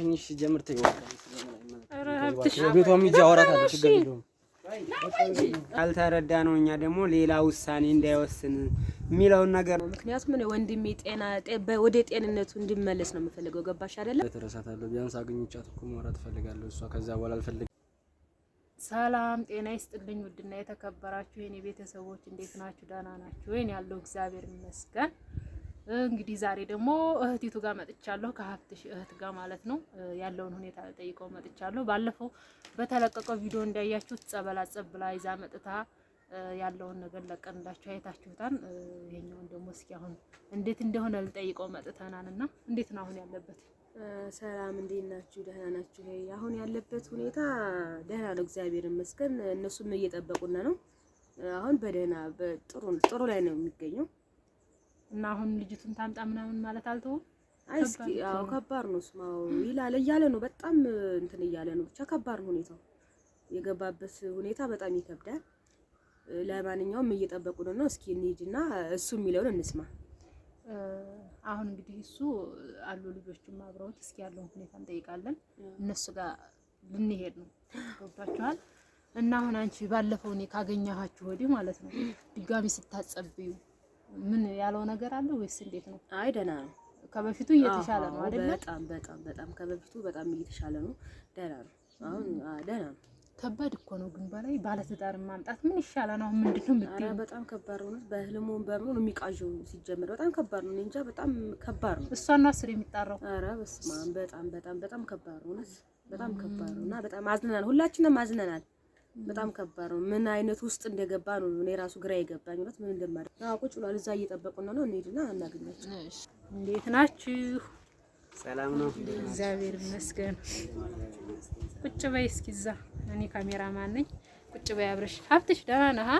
ትንሽ ሲጀምር ቤቷም ሂጅ አወራታለሁ። ችግር የለውም። ነው። እኛ ደግሞ ሌላ ውሳኔ እንዳይወስን የሚለውን ነገር ምክንያቱም እኔ ወንድሜ ጤና ወደ ጤንነቱ እንድመለስ ነው የምፈልገው። ገባሽ አይደለም? ተረሳታለሁ። ቢያንስ አግኝቻት እኮ ማውራት እፈልጋለሁ። እሷ ከዛ በኋላ አልፈልግም። ሰላም ጤና ይስጥልኝ። ውድና የተከበራችሁ የኔ ቤተሰቦች እንዴት ናችሁ? ደህና ናችሁ ወይን? ያለው እግዚአብሔር ይመስገን። እንግዲህ ዛሬ ደግሞ እህቲቱ ጋር መጥቻለሁ ከሀብትሽ እህት ጋር ማለት ነው። ያለውን ሁኔታ ጠይቀው መጥቻለሁ። ባለፈው በተለቀቀው ቪዲዮ እንዳያችሁት ጸበላጸብ ብላ ይዛ መጥታ ያለውን ነገር ለቀንላችሁ አይታችሁታን። ይሄኛውን ደግሞ እስኪ አሁን እንዴት እንደሆነ ልጠይቀው መጥተናል እና እንዴት ነው አሁን ያለበት? ሰላም እንዴት ናችሁ? ደህና ናችሁ? አሁን ያለበት ሁኔታ ደህና ነው፣ እግዚአብሔር ይመስገን። እነሱም እየጠበቁና ነው። አሁን በደህና ጥሩ ላይ ነው የሚገኘው እና አሁን ልጅቱን ታምጣ ምናምን ማለት አልተውም። አይ እስኪ አዎ ከባድ ነው ስማው ይላል እያለ ነው። በጣም እንትን እያለ ነው። ብቻ ከባድ ነው ሁኔታው፣ የገባበት ሁኔታ በጣም ይከብዳል። ለማንኛውም እየጠበቁ ነው። እስኪ እንሂድና እሱ የሚለውን እንስማ። አሁን እንግዲህ እሱ አሉ ልጆቹም አብረውት፣ እስኪ ያለውን ሁኔታ እንጠይቃለን። እነሱ ጋር ልንሄድ ነው። ገብቷችኋል። እና አሁን አንቺ ባለፈው እኔ ካገኘኋችሁ ወዲህ ማለት ነው ድጋሚ ስታጸብዩ ምን ያለው ነገር አለ ወይስ እንዴት ነው? አይ ደህና ነው። ከበፊቱ እየተሻለ ነው አይደለ? በጣም በጣም በጣም ከበፊቱ በጣም እየተሻለ ነው። ደህና ነው። አሁን ደህና ነው። ከባድ እኮ ነው ግን በላይ ባለትዳር ማምጣት ምን ይሻላል? አሁን ምንድነው የምትይው? በጣም ከባድ ነው። በህልሙን በምኑ የሚቃዥው ሲጀምር በጣም ከባድ ነው። እንጃ በጣም ከባድ ነው። እሷና ስር የሚጣራው ኧረ በስመ አብ በጣም በጣም በጣም ከባድ ነው። በጣም ከባድ ነው እና በጣም አዝነናል። ሁላችንም አዝነናል። በጣም ከባድ ነው። ምን አይነት ውስጥ እንደገባ ነው እኔ ራሱ ግራ የገባኝ ነው። ምን እንደማደርግ አዎ፣ ቁጭ ብሏል። እዛ እየጠበቁ ነው። ነው እንሂድና እናገኛቸው። እንዴት ናችሁ? ሰላም ነው? እግዚአብሔር ይመስገን። ቁጭ በይ እስኪ እዛ። እኔ ማን ነኝ። ቁጭ በይ አብረሽ። ሀብትሽ ደህና ነህ?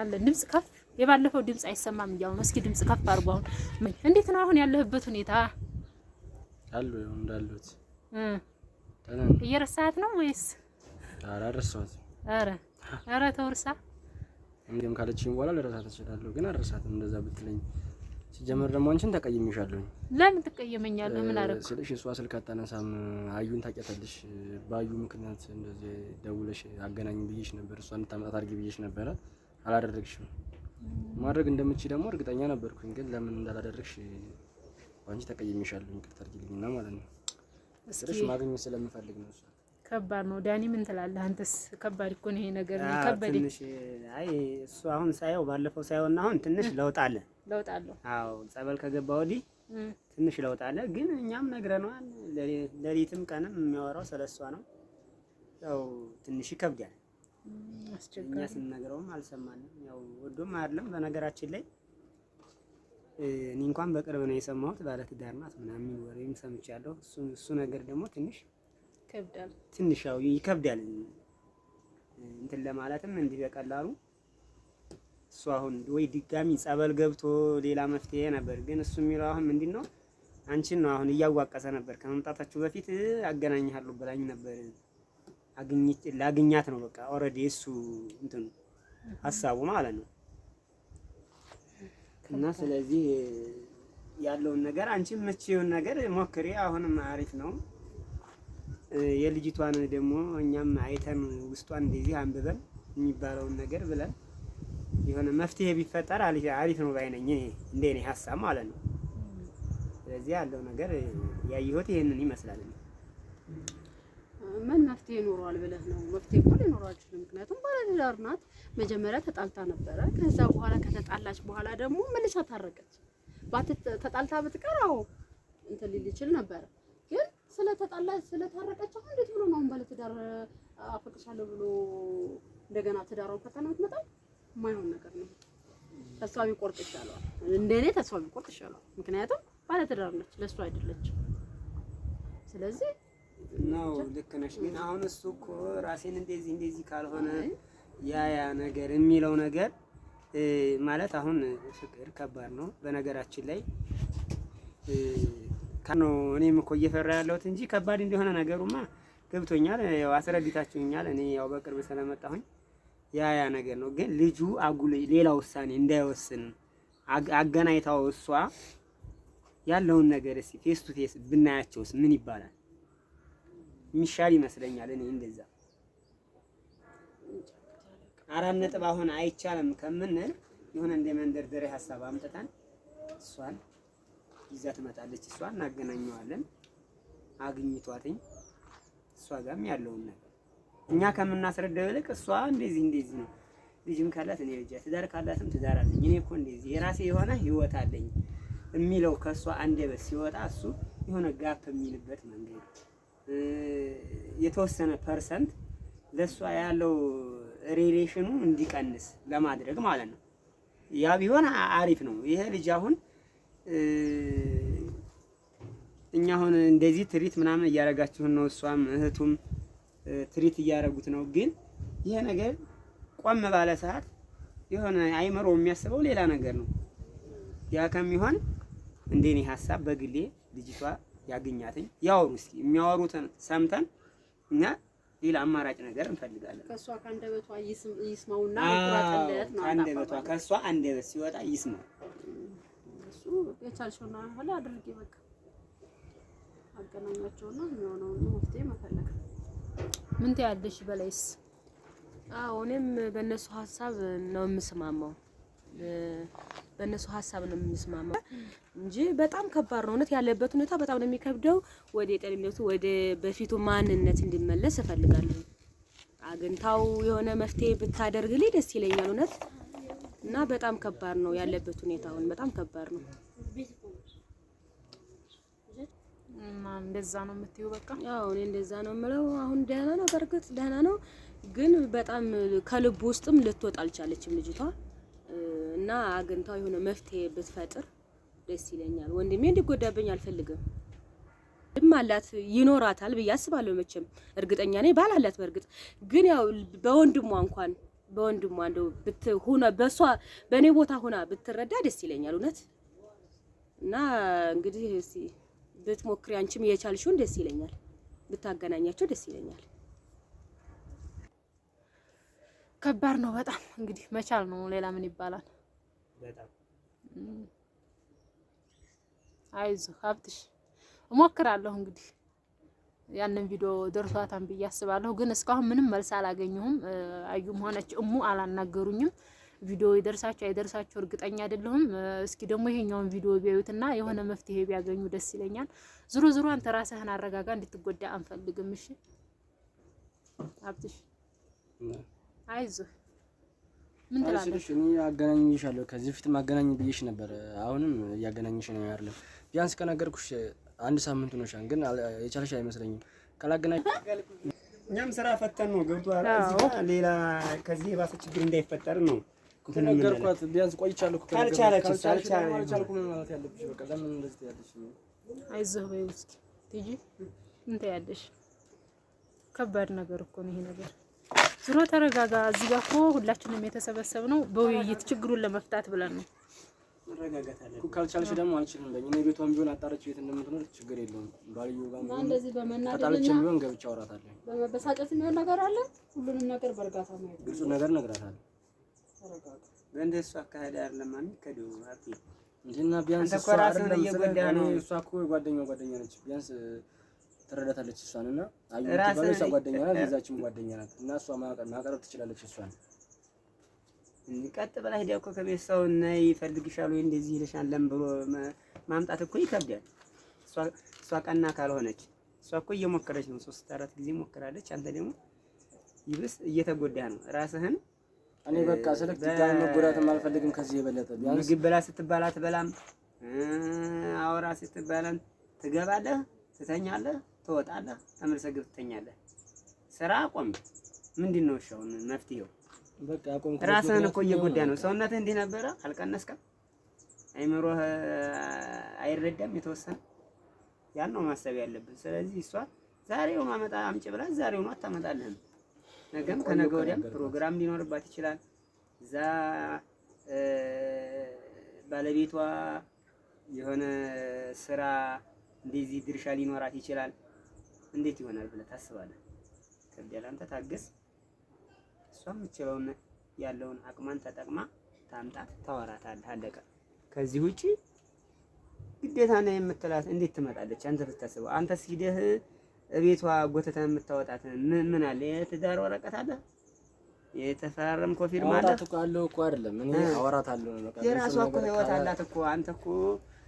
አለ ድምጽ ከፍ የባለፈው ድምጽ አይሰማም እያሁን እስኪ ድምጽ ከፍ አድርጎ አሁን እንዴት ነው አሁን ያለህበት ሁኔታ? አሉ እንዳሉት እየረሳት ነው ወይስ ኧረ ኧረ ተው እርሳ። እንዲሁም ካለችኝ በኋላ ልረሳት እችላለሁ፣ ግን አልረሳትም። እንደዛ ብትለኝ ሲጀመር ደግሞ አንቺን ተቀይሜሻለሁ። ለምን ትቀየመኛለህ? ምን አደረግኩ ስልሽ እሷ ስልክ አታነሳም። አዩን ታውቂያታለሽ? በአዩ ምክንያት እንደዚህ ደውለሽ አገናኝ ብዬሽ ነበር፣ እሷ እንድታመጣት አድርጊ ብዬሽ ነበረ። አላደረግሽም። ማድረግ እንደምችል ደግሞ እርግጠኛ ነበርኩኝ፣ ግን ለምን እንዳላደረግሽ በአንቺ ተቀይሜሻለሁ። ይቅርታ አድርጊልኝና ማለት ነው ስልሽ ማግኘት ስለምፈልግ ነው እሷ ከባድ ነው ዳኒ፣ ምን ትላለህ አንተስ? ከባድ እኮ ነው ይሄ ነገር ነው አይ እሱ አሁን ሳየው ባለፈው ሳየውና አሁን ትንሽ ለውጥ አለ፣ ለውጥ አለ። አዎ ጸበል ከገባ ወዲህ ትንሽ ለውጥ አለ። ግን እኛም ነግረነዋል፣ ሌሊትም ቀንም የሚያወራው ስለሷ ነው። ያው ትንሽ ይከብዳል፣ እኛ ስንነግረውም አልሰማንም። ያው ወዶም አይደለም። በነገራችን ላይ እኔ እንኳን በቅርብ ነው የሰማሁት፣ ባለትዳር ናት ምናምን ወሬም ሰምቻለሁ። እሱ ነገር ደግሞ ትንሽ ይከብዳል። ትንሽ ያው ይከብዳል እንትን ለማለትም እንዲህ በቀላሉ እሱ አሁን ወይ ድጋሚ ጸበል ገብቶ ሌላ መፍትሄ ነበር። ግን እሱ የሚለው አሁን ምንድን ነው አንቺን ነው አሁን እያዋቀሰ ነበር። ከመምጣታችሁ በፊት አገናኝሃለሁ ብላኝ ነበር። አግኝት ላግኛት ነው በቃ ኦልሬዲ እሱ እንትኑ ሀሳቡ ማለት ነው። እና ስለዚህ ያለውን ነገር አንቺ የምትችይውን ነገር ሞክሪ። አሁንም አሪፍ ነው። የልጅቷን ደግሞ እኛም አይተን ውስጧን እንደዚህ አንብበን የሚባለውን ነገር ብለን የሆነ መፍትሄ ቢፈጠር አሪፍ ነው ባይነኝ እንደ እኔ ሀሳብ ማለት ነው። ስለዚህ ያለው ነገር ያየሁት ይህንን ይመስላል። ምን መፍትሄ ይኖረዋል ብለህ ነው? መፍትሄ እኮ ሊኖረው አይችልም። ምክንያቱም ባለትዳር ናት። መጀመሪያ ተጣልታ ነበረ። ከዛ በኋላ ከተጣላች በኋላ ደግሞ መልሳ ታረቀች። ተጣልታ ብትቀር አዎ እንትን ሊል ይችል ነበረ ስለተጣላች ስለታረቀች አሁን እንዴት ብሎ ነው ባለትዳር አፈቅሻለሁ ብሎ እንደገና ትዳሯን ፈተና የምትመጣው? የማይሆን ነገር ነው። ተስፋ ቢቆርጥ ይሻለዋል። እንደኔ ተስፋ ቢቆርጥ ይሻለዋል። ምክንያቱም ባለትዳር ነች፣ ለእሱ አይደለችም። ስለዚህ ነው ልክ ነሽ። ግን አሁን እሱ እኮ ራሴን እንደዚህ እንደዚህ ካልሆነ ያ ያ ነገር የሚለው ነገር ማለት አሁን ፍቅር ከባድ ነው በነገራችን ላይ ነው እኔም እኮ እየፈራ ያለሁት እንጂ ከባድ እንደሆነ ነገሩማ ገብቶኛል። ያው አስረድታችሁኛል። እኔ ያው በቅርብ ስለመጣሁኝ ያ ያ ነገር ነው። ግን ልጁ አጉል ሌላ ውሳኔ እንዳይወስን አገናኝታው እሷ ያለውን ነገር እስኪ ፌስ ቱ ፌስ ብናያቸውስ ምን ይባላል የሚሻል ይመስለኛል። እኔ እንደዛ አራት ነጥብ አሁን አይቻልም ከምንል የሆነ እንደ መንደርደሪያ ሀሳብ አምጥተን እሷን ይዛ ትመጣለች። እሷ እናገናኘዋለን። አግኝቷትኝ እሷ ጋርም ያለውን ነገር እኛ ከምናስረዳው ይልቅ እሷ እንደዚህ እንደዚህ ነው፣ ልጅም ካላት እኔ ልጅ፣ ትዳር ካላትም ትዳር አለኝ፣ እኔ እኮ እንደዚህ የራሴ የሆነ ህይወት አለኝ የሚለው ከእሷ አንደበት ሲወጣ እሱ የሆነ ጋፕ የሚልበት መንገድ የተወሰነ ፐርሰንት ለእሷ ያለው ሪሌሽኑ እንዲቀንስ ለማድረግ ማለት ነው። ያ ቢሆን አሪፍ ነው። ይሄ ልጅ አሁን እኛ አሁን እንደዚህ ትሪት ምናምን እያደረጋችሁን ነው። እሷም እህቱም ትሪት እያደረጉት ነው። ግን ይህ ነገር ቆም ባለ ሰዓት የሆነ አይምሮ የሚያስበው ሌላ ነገር ነው። ያ ከሚሆን እንደኔ ሀሳብ በግሌ ልጅቷ ያገኛትኝ ያወሩ እስኪ የሚያወሩትን ሰምተን እኛ ሌላ አማራጭ ነገር እንፈልጋለን። ከእሷ ከአንደበቷ ይስማውና ይቁራጥለት ነው። ከእሷ አንደበት ሲወጣ ይስማው። እሱ የቻልሽውን አድርጊ በቃ አገናኛቸውና የሚሆነውን መፍትሄ መፈለግ። ምን ትያለሽ በላይስ? አዎ እኔም በእነሱ ሀሳብ ነው የምስማማው በእነሱ ሀሳብ ነው የምስማማው እንጂ በጣም ከባድ ነው። እውነት ያለበት ሁኔታ በጣም ነው የሚከብደው። ወደ ጤንነቱ ወደ በፊቱ ማንነት እንዲመለስ እፈልጋለሁ። አግኝታው የሆነ መፍትሄ ብታደርግልኝ ደስ ይለኛል እውነት እና በጣም ከባድ ነው ያለበት ሁኔታውን በጣም ከባድ ነው። እና እንደዛ ነው የምትይው? በቃ ያው እኔ እንደዛ ነው የምለው። አሁን ደህና ነው፣ በእርግጥ ደህና ነው፣ ግን በጣም ከልብ ውስጥም ልትወጣ አልቻለችም ልጅቷ እና አግኝታው የሆነ መፍትሄ ብትፈጥር ደስ ይለኛል። ወንድሜ እንዲጎዳብኝ አልፈልግም። ልም አላት ይኖራታል ብዬ አስባለሁ። መቼም እርግጠኛ ነኝ ባል አላት። በእርግጥ ግን ያው በወንድሟ እንኳን በወንድሟ እንደው ብትሆነ በሷ በእኔ ቦታ ሆና ብትረዳ ደስ ይለኛል እውነት እና እንግዲህ ብትሞክሪ አንቺም የቻልሽውን ደስ ይለኛል፣ ብታገናኛቸው ደስ ይለኛል። ከባድ ነው በጣም እንግዲህ መቻል ነው። ሌላ ምን ይባላል? አይዞ ሀብትሽ፣ እሞክራለሁ እንግዲህ ያንን ቪዲዮ ደርሷታን ብዬ አስባለሁ። ግን እስካሁን ምንም መልስ አላገኘሁም። አዩም ሆነች እሙ አላናገሩኝም። ቪዲዮ ይደርሳቸው አይደርሳቸው እርግጠኛ አይደለሁም። እስኪ ደግሞ ይሄኛውን ቪዲዮ ቢያዩትና የሆነ መፍትሄ ቢያገኙ ደስ ይለኛል። ዙሮ ዙሮ አንተ ራስህን አረጋጋ፣ እንድትጎዳ አንፈልግም። እሺ አብትሽ፣ አይዞህ። ምን ትላለሽ? እኔ አገናኝሻለሁ። ከዚህ በፊት ማገናኝ ብዬሽ ነበር። አሁንም እያገናኝሽ ነው ያለ። ቢያንስ ከነገርኩሽ አንድ ሳምንት ሆኖሻል፣ ግን የቻለሽ አይመስለኝም ካላገናኝ እኛም ስራ ፈተን ነው ገብቷል። ሌላ ከዚህ የባሰ ችግር እንዳይፈጠር ነው ተነገርኳት። ቢያንስ ቆይቻለሁ። ካልቻለች ከባድ ነገር እኮ ነው ይሄ ነገር። ዝሮ ተረጋጋ። እዚህ ጋር እኮ ሁላችንም ነው በውይይት ችግሩን ለመፍታት ብለን ነው። ካልቻለች ደግሞ አንችልም። እኔ ቤቷን ቢሆን አጣረች ቤት እንደምትኖር ችግር የለውም። ባልየው ጋር እንደዚህ በመናደድና ቢሆን ገብቼ አውራታለሁ። በመበሳጨት የሚሆን ነገር አለ። ሁሉንም ነገር በእርጋታ ነው ግልጹ ነገር እነግራታለሁ እንደሱ አካሄድ አይደለም። ቢያንስ እሷ እኮ ጓደኛው ጓደኛ ነች። ቢያንስ ትረዳታለች እሷን እና እሷ ጓደኛ ናት፣ የዛችም ጓደኛ ናት እና እሷ ማቅረብ ትችላለች እሷን ቀጥ ብላ ሂዳ እኮ ከቤት ሰው እና ይፈልግሻል ወይ እንደዚህ ይልሻል ለም ብሎ ማምጣት እኮ ይከብዳል። እሷ ቀና ካልሆነች እሷ እኮ እየሞከረች ነው። ሶስት አራት ጊዜ ሞክራለች። አንተ ደግሞ ይብስ እየተጎዳ ነው ራስህን እኔ በቃ ስልክ ድጋሚ መጎዳትም አልፈልግም። ከዚህ የበለጠ ቢያንስ ምግብ ብላ ስትባል አትበላም፣ አውራ ስትባለን ትገባለህ፣ ትተኛለህ፣ ትወጣለህ፣ ተመልሰህ ግብ ትተኛለህ። ስራ አቆም። ምንድን ነው ሻውን መፍትሄው? በቃ አቆም። ራስህን እኮ እየጎዳ ነው። ሰውነትህ እንዲህ ነበረ፣ አልቀነስከም። አይምሮህ አይረዳም የተወሰነ ያን ነው ማሰብ ያለብን። ስለዚህ እሷ ዛሬው ማመጣ አምጪ ብላ ዛሬው ነው አታመጣልህም። ነገም ከነገ ወዲያም ፕሮግራም ሊኖርባት ይችላል። እዛ ባለቤቷ የሆነ ስራ እንደዚህ ድርሻ ሊኖራት ይችላል። እንዴት ይሆናል ብለህ ታስባለህ? ከብዳል። አንተ ታገስ። እሷም የምችለውን ያለውን አቅማን ተጠቅማ ታምጣት፣ ታወራታለህ። አለቀ። ከዚህ ውጪ ግዴታ ነው የምትላት እንዴት ትመጣለች? አንተ ብታስበው አንተስ ሂደህ እቤቷ ጎተታ የምታወጣት ምን ምን አለ? የትዳር ወረቀት አለ፣ የተፈራረም ኮፊርማ አለ እኮ አለው እኮ አይደለም። እኔ አወራታለሁ ነው በቃ። የራሷ እኮ ህይወት አላት እኮ። አንተ እኮ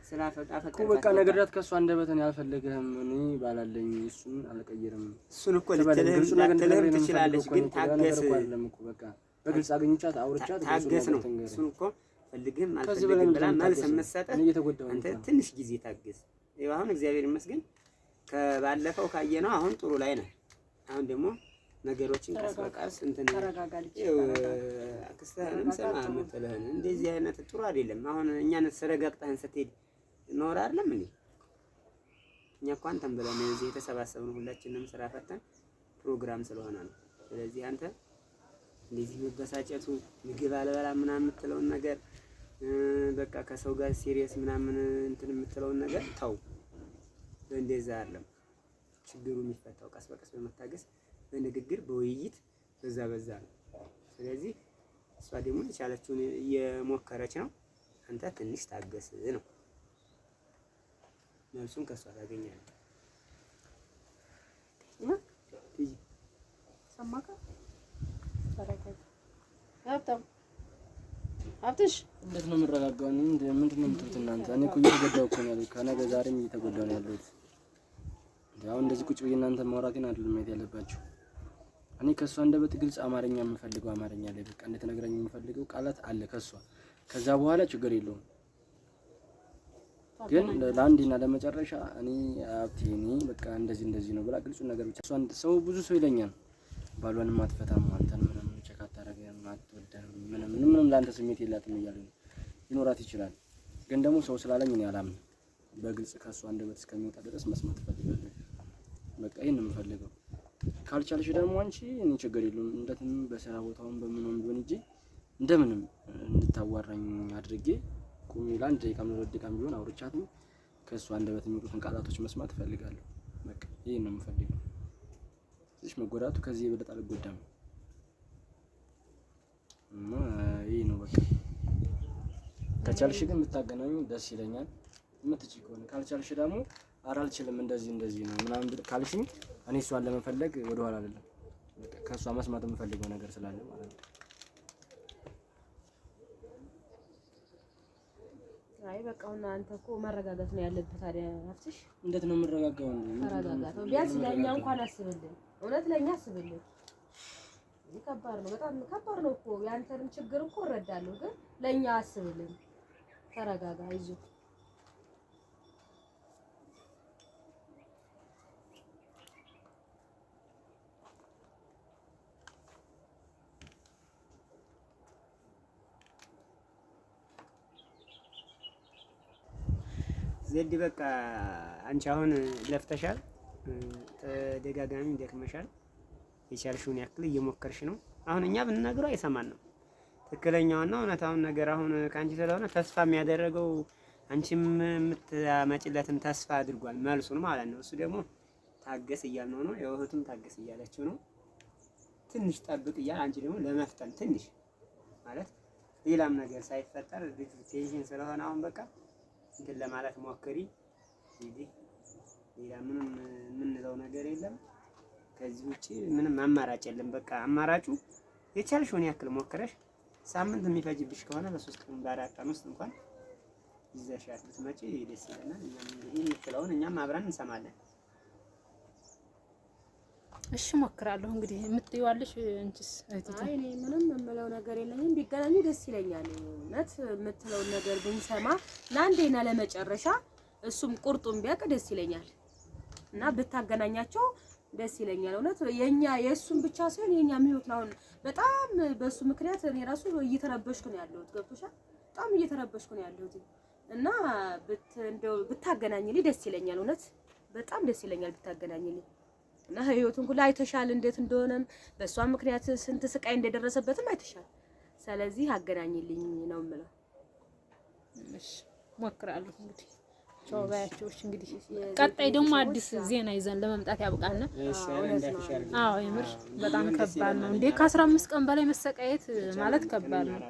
ስላፈጣ ፈቀደ እኮ በቃ ነገራት። ከእሱ እንደበተን ያልፈለገህም እኔ ባላለኝ እሱን አልቀይርም። እሱን እኮ ልትልህም ትችላለች፣ ግን ታገስ። እኮ በቃ በግልጽ አገኝቻት አውርቻት፣ ታገስ ነው እሱን እኮ ፈልግህም አልፈልግህም ብላ መልስ የምትሰጠህ አንተ ትንሽ ጊዜ ታገስ። ይኸው አሁን እግዚአብሔር ይመስገን ከባለፈው ካየነው አሁን ጥሩ ላይ ነው አሁን ደግሞ ነገሮችን ቀስ በቀስ እንትን ክስተህንም ስማ ምትልህን እንደዚህ አይነት ጥሩ አይደለም። አሁን እኛን ስረጋግጠህን ስትሄድ ኖር አይደለም እንዴ? እኛ እኮ አንተም ብለን እዚህ የተሰባሰብን ሁላችንም ስራ ፈተን ፕሮግራም ስለሆነ ነው። ስለዚህ አንተ እንደዚህ መበሳጨቱ ምግብ አልበላ ምናምን የምትለውን ነገር በቃ ከሰው ጋር ሲሪየስ ምናምን እንትን የምትለውን ነገር ተው። እንደዛ አይደለም። ችግሩ የሚፈታው ቀስ በቀስ በመታገስ በንግግር፣ በውይይት በዛ በዛ ነው። ስለዚህ እሷ ደግሞ የቻለችውን እየሞከረች ነው። አንተ ትንሽ ታገስ ነው። መልሱን ከእሷ ታገኛለህ። ሰማካ ሀብታም ሀብትሽ እንዴት ነው የምረጋጋው? ምንድን ነው የምትሉት እናንተ? እኔ እኮ እየተጎዳሁ እኮ ነው ያለሁት። ከነገ ዛሬም እየተጎዳሁ ነው ያለሁት። ያው እንደዚህ ቁጭ ብዬ እናንተ ማውራቴን አይደለም ማየት ያለባችሁ። እኔ ከእሷ አንደበት ግልጽ አማርኛ የምፈልገው አማርኛ ላይ በቃ እንድትነግረኝ የምፈልገው ቃላት አለ ከእሷ። ከዛ በኋላ ችግር የለውም። ግን ለአንዴና ለመጨረሻ እኔ ሀብቴ እኔ በቃ እንደዚህ እንደዚህ ነው ብላ ግልጹ ነገር ብቻ። ሰው ብዙ ሰው ይለኛል፣ ባሏን አትፈታም አንተን ምንም ቸካ አታረግም አትወደም ምንም ምንም ምንም ለአንተ ስሜት የላትም እያሉ ሊኖራት ይችላል። ግን ደግሞ ሰው ስላለኝ እኔ አላምንም። በግልጽ ከእሷ አንደበት እስከሚወጣ ድረስ መስማት ፈልጋለሁ። በቃ ይህን ነው የምፈልገው። ካልቻልሽ ደግሞ አንቺ እኔ ችግር የለውም እንደትም በስራ ቦታውን በምንም ቢሆን እንጂ እንደምንም እንድታዋራኝ አድርጌ ቁሚ ለአንድ ደቂቃም ለሁለት ደቂቃም ቢሆን አውርቻትም ከእሱ አንደበት የሚወጡትን ቃላቶች መስማት እፈልጋለሁ። በቃ ይሄን ነው የምፈልገው። ትንሽ መጎዳቱ ከዚህ የበለጠ አልጎዳም እና ይህ ነው በቃ። ከቻልሽ ግን የምታገናኙ ደስ ይለኛል የምትችይ ከሆነ ካልቻልሽ ደግሞ ኧረ አልችልም እንደዚህ እንደዚህ ነው ምናምን ካልሽኝ እኔ እሷን ለመፈለግ ወደኋላ አይደለም። ከእሷ መስማት የምፈልገው ነገር ስላለ ማለት ነው። አይ በቃ እና አንተ እኮ መረጋጋት ነው ያለብህ። ታዲያ አፍትሽ እንዴት ነው የምረጋጋው? ተረጋጋት። ቢያንስ ለእኛ እንኳን አስብልን፣ እውነት ለእኛ አስብልን። ከባድ ነው፣ በጣም ከባድ ነው እኮ። የአንተን ችግር እኮ እረዳለሁ፣ ግን ለእኛ አስብልን። ተረጋጋ፣ አይዞህ ዜድ በቃ አንቺ አሁን ለፍተሻል፣ ተደጋጋሚ ደክመሻል፣ የቻልሽውን ያክል እየሞከርሽ ነው። አሁን እኛ ብንነግረው አይሰማን ነው ትክክለኛውና እውነታውን ነገር አሁን ከአንቺ ስለሆነ ተስፋ የሚያደረገው አንቺም የምታመጪለትን ተስፋ አድርጓል፣ መልሱን ማለት ነው። እሱ ደግሞ ታገስ እያልነው ነው፣ የውህቱም ታገስ እያለችው ነው። ትንሽ ጠብቅ እያል አንቺ ደግሞ ለመፍጠን ትንሽ ማለት ሌላም ነገር ሳይፈጠር ቴንሽን ስለሆነ አሁን በቃ እንትን ለማለት ሞክሪ። እንግዲህ ሌላ ምንም የምንለው ነገር የለም። ከዚህ ውጪ ምንም አማራጭ የለም። በቃ አማራጩ የቻልሽውን ያክል ሞክረሽ ሳምንት የሚፈጅብሽ ከሆነ በሶስት ቀን በአራት ቀን ውስጥ እንኳን ይዘሻት ብትመጪ ደስ ይለናል። እኛም እንግዲህ የምትለውን እኛም አብረን እንሰማለን። እሺ እሞክራለሁ። እንግዲህ የምትይዋለሽ እንትስ እህቲቱ? አይ እኔ ምንም የምለው ነገር የለኝም። ቢገናኙ ደስ ይለኛል። እውነት የምትለውን ነገር ብንሰማ ለአንዴና ለመጨረሻ እሱም ቁርጡን ቢያውቅ ደስ ይለኛል እና ብታገናኛቸው ደስ ይለኛል። እውነት የኛ የእሱም ብቻ ሳይሆን የኛ ህይወት አሁን በጣም በእሱ ምክንያት እኔ ራሱ እየተረበሽኩ ነው ያለሁት። ገብቶሻል? በጣም እየተረበሽኩ ነው ያለሁት እና ብት እንደው ብታገናኝልኝ ደስ ይለኛል። እውነት በጣም ደስ ይለኛል ብታገናኝልኝ እና ህይወቱን ሁሉ አይተሻል፣ እንዴት እንደሆነም በእሷ ምክንያት ስንት ስቃይ እንደደረሰበትም አይተሻል። ስለዚህ አገናኝልኝ ነው የምለው። እሺ ሞክራለሁ እንግዲህ ቻው ባያቸውሽ። እንግዲህ ቀጣይ ደግሞ አዲስ ዜና ይዘን ለመምጣት ያብቃና። አዎ የምር በጣም ከባድ ነው እንዴ! ከአስራ አምስት ቀን በላይ መሰቃየት ማለት ከባድ ነው።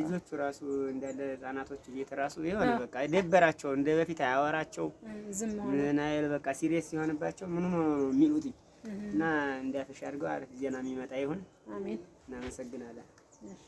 ልጆቹ ራሱ እንዳለ ህጻናቶች ቤት ራሱ የሆነ በቃ ደበራቸው፣ እንደ በፊት አያወራቸው ምን አይል በቃ ሲሪየስ ሲሆንባቸው ምኑ ነው የሚሉት? እና እንዲያፈሻ አድርገው አሪፍ ዜና የሚመጣ ይሁን። አሜን። እናመሰግናለን።